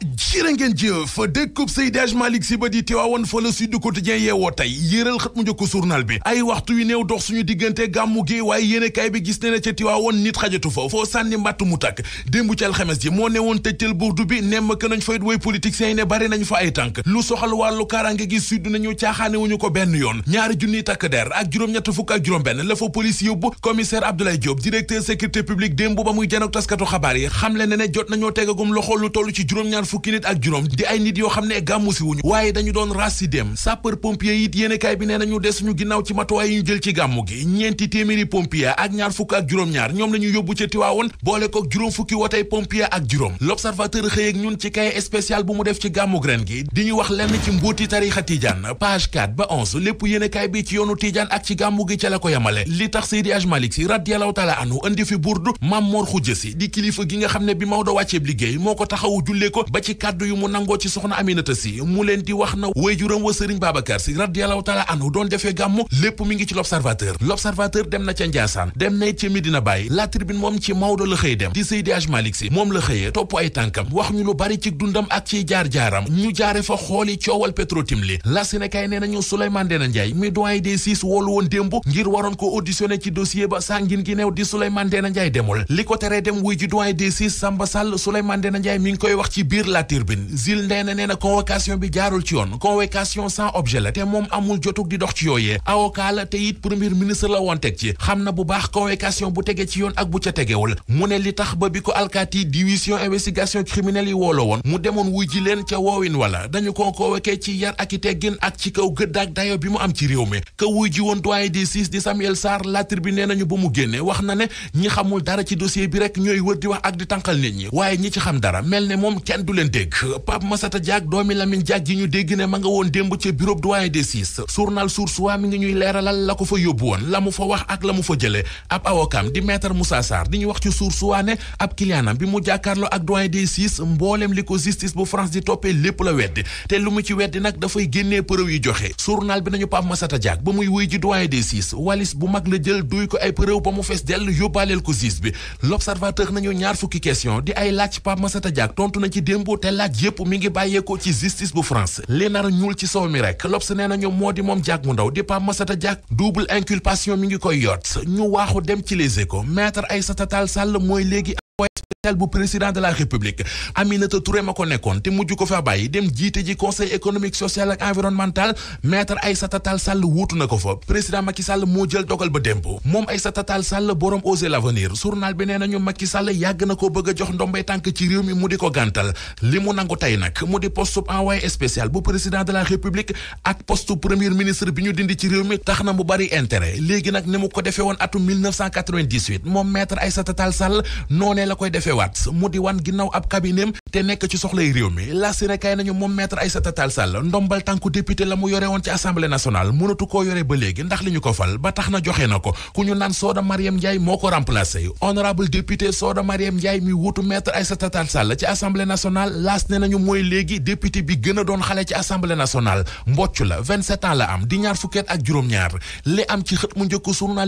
哎，cirë ngeen jëf dëkkub Seydi Hadji Malick Sy ba di Tiwaawoon fa la Sud Quotidien yeewoo tey yéeral xët mu njëkk journal bi ay waxtu yu néew dox suñu diggante gàmmu gi waaye yéenekaay bi gis ne na ca Tiwaawoon nit xajatu fa foo sànni mbàtt mu tàkk démb ci alxames ji moo ne woon tëjtal burdu bi nemm ke nañ fayit way politiciens yi ne bari nañ fa ay tànk lu soxal wàllu kaaraange gi sud nañu caaxaane ko benn yoon ñaari junniy takk der ak juróom-ñett fukk ak juróom-benn la fa police yóbbu commissaire Abdoulaye Diop directeur sécurité ne jot nañoo tegagum loxo lu tollu ci juróom fukki fukki nit ak juróom di ay nit yoo xam ne gàmmu si wuñu waaye dañu doon ras si dem sapeur pompier it yéenekaay bi nee nañu des ñu ginnaaw ci matuwaay yi ñu ci gàmmu gi ñeenti téeméeri pompier ak ñaar fukk ak juróom-ñaar ñoom la ñu yóbbu ca Tiwaawoon boole ko juróom fukki wotey pompier ak juróom l'observateur xëy ñun ci cahier spécial bu mu def ci gàmmu ren gi di ñu wax lenn ci mbóoti tarixa Tidiane page 4 ba 11 lépp yéenekaay bi ci yoonu Tidiane ak gi la ko yamale li tax Seydi gi nga xam ne bi Maodo wàcceeb liggéey ci kàddu yu mu nangoo ci soxna Aminata Si mu leen di wax na waajuram wa Sëriñ Babacar Si radiyallahu taala anhu doon defee gàmmu lépp mi ngi ci l'observateur l'observateur dem na ca Njaasaan dem na ca Medina Baye la tribune moom ci Maodo la xëy dem di Seydi Aj Malik Si moom la xëyee topp ay tànkam wax ñu lu bari ci dundam ak ci jaar-jaaram ñu jaare fa xooli coowal petro li la nee nañu Souleymane Ndéné Ndiaye mi doyen des six woolu woon démb ngir la turbine zil ndey na nee na convocation bi jaarul ci yoon convocation sans objet la te moom amul jotug di dox ci yooyee avocat la premier ministre la woon ci xam na bu baax convocation bu tege ci yoon ak bu ca tegewul mu ne li tax ba bi ko alkaati division investigation criminelle yi woolo woon mu demoon wuy ji leen ca woowin wala dañu ko convoqué ci yar ak i teggin ak ci kaw gëdd ak dayo bi mu am ci réew mi ka wuy ji woon di siis di dégg Pape Massata Diack doomi Lamine Diack ji ñu dégg ne ma nga woon démb ca bureau doyen des six journal Source Wa ngi ñuy leeralal la ko fa yóbbu woon la mu fa wax ak la mu fa jële ab awokam di maître Moussa di ñu wax ci Source Wa ne ab kiliyaanam bi mu jàkkaarloo ak doyen des mbooleem li ko justice bu France di toppee lépp la weddi te lu mu ci weddi nag dafay génnee preuve yi joxe journal bi nañu Pape Massata ba muy wuy ji walis bu te laaj yëpp mi ngi bàyyeekoo ci justice bu France li nar ñuul ci soow mi rek L'Obs nee na ñoom moo di moom Diack mu ndaw di Pape Massata Diack double inculpation mi ngi koy yot ñu waaxu dem ci Les ko maître ay Tall Sall mooy léegi am te mujj ko fa bàyyi dem jiite ji conseil économique social ak environnemental maître Aïssata na ko fa président Macky Sall moo jël dogal ba démb moom Aïssata Tall Sall borom oser l'avenir journal bi nee nañu Macky Sall ci réew mi mu di ko gàntal li mu nangu tey nag mu di poste envoyé spécial bu président ministre bi ñu dindi ci réew mi tax na mu bari intérêt léegi nag ni mu ko defee woon atum moom maître Aïssata Tall Sall noonee koy defee waat mu di wan ginnaaw ab cabinetam te nekk ci soxlay réew mi la nekkaay nañu moom maître Aïssata Tall Sall ndombal tànku député la mu yore woon ci assemblée nationale mënatu koo yore ba léegi ndax li ñu ko fal ba tax na joxe na ko ku ñu naan Soda Mariam Ndiaye moo ko remplacé honorable député Soda Mariam Ndiaye mi wutu maître Aïssata Tall Sall ci assemblée nationale laas ne nañu mooy léegi député bi gën a doon xale ci assemblée nationale mbocc la 27 ans la am di ñaar fukk ak juróom-ñaar li am ci xët mu njëkk surna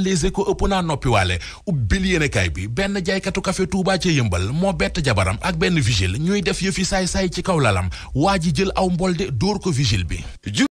bi benn jaaykatu café Touba ca yëmbal moo bett jabaram ak benn ñuy def yëfi saay-saay ci kaw lalam waa ji jël aw mbolde dóor ko vigile bi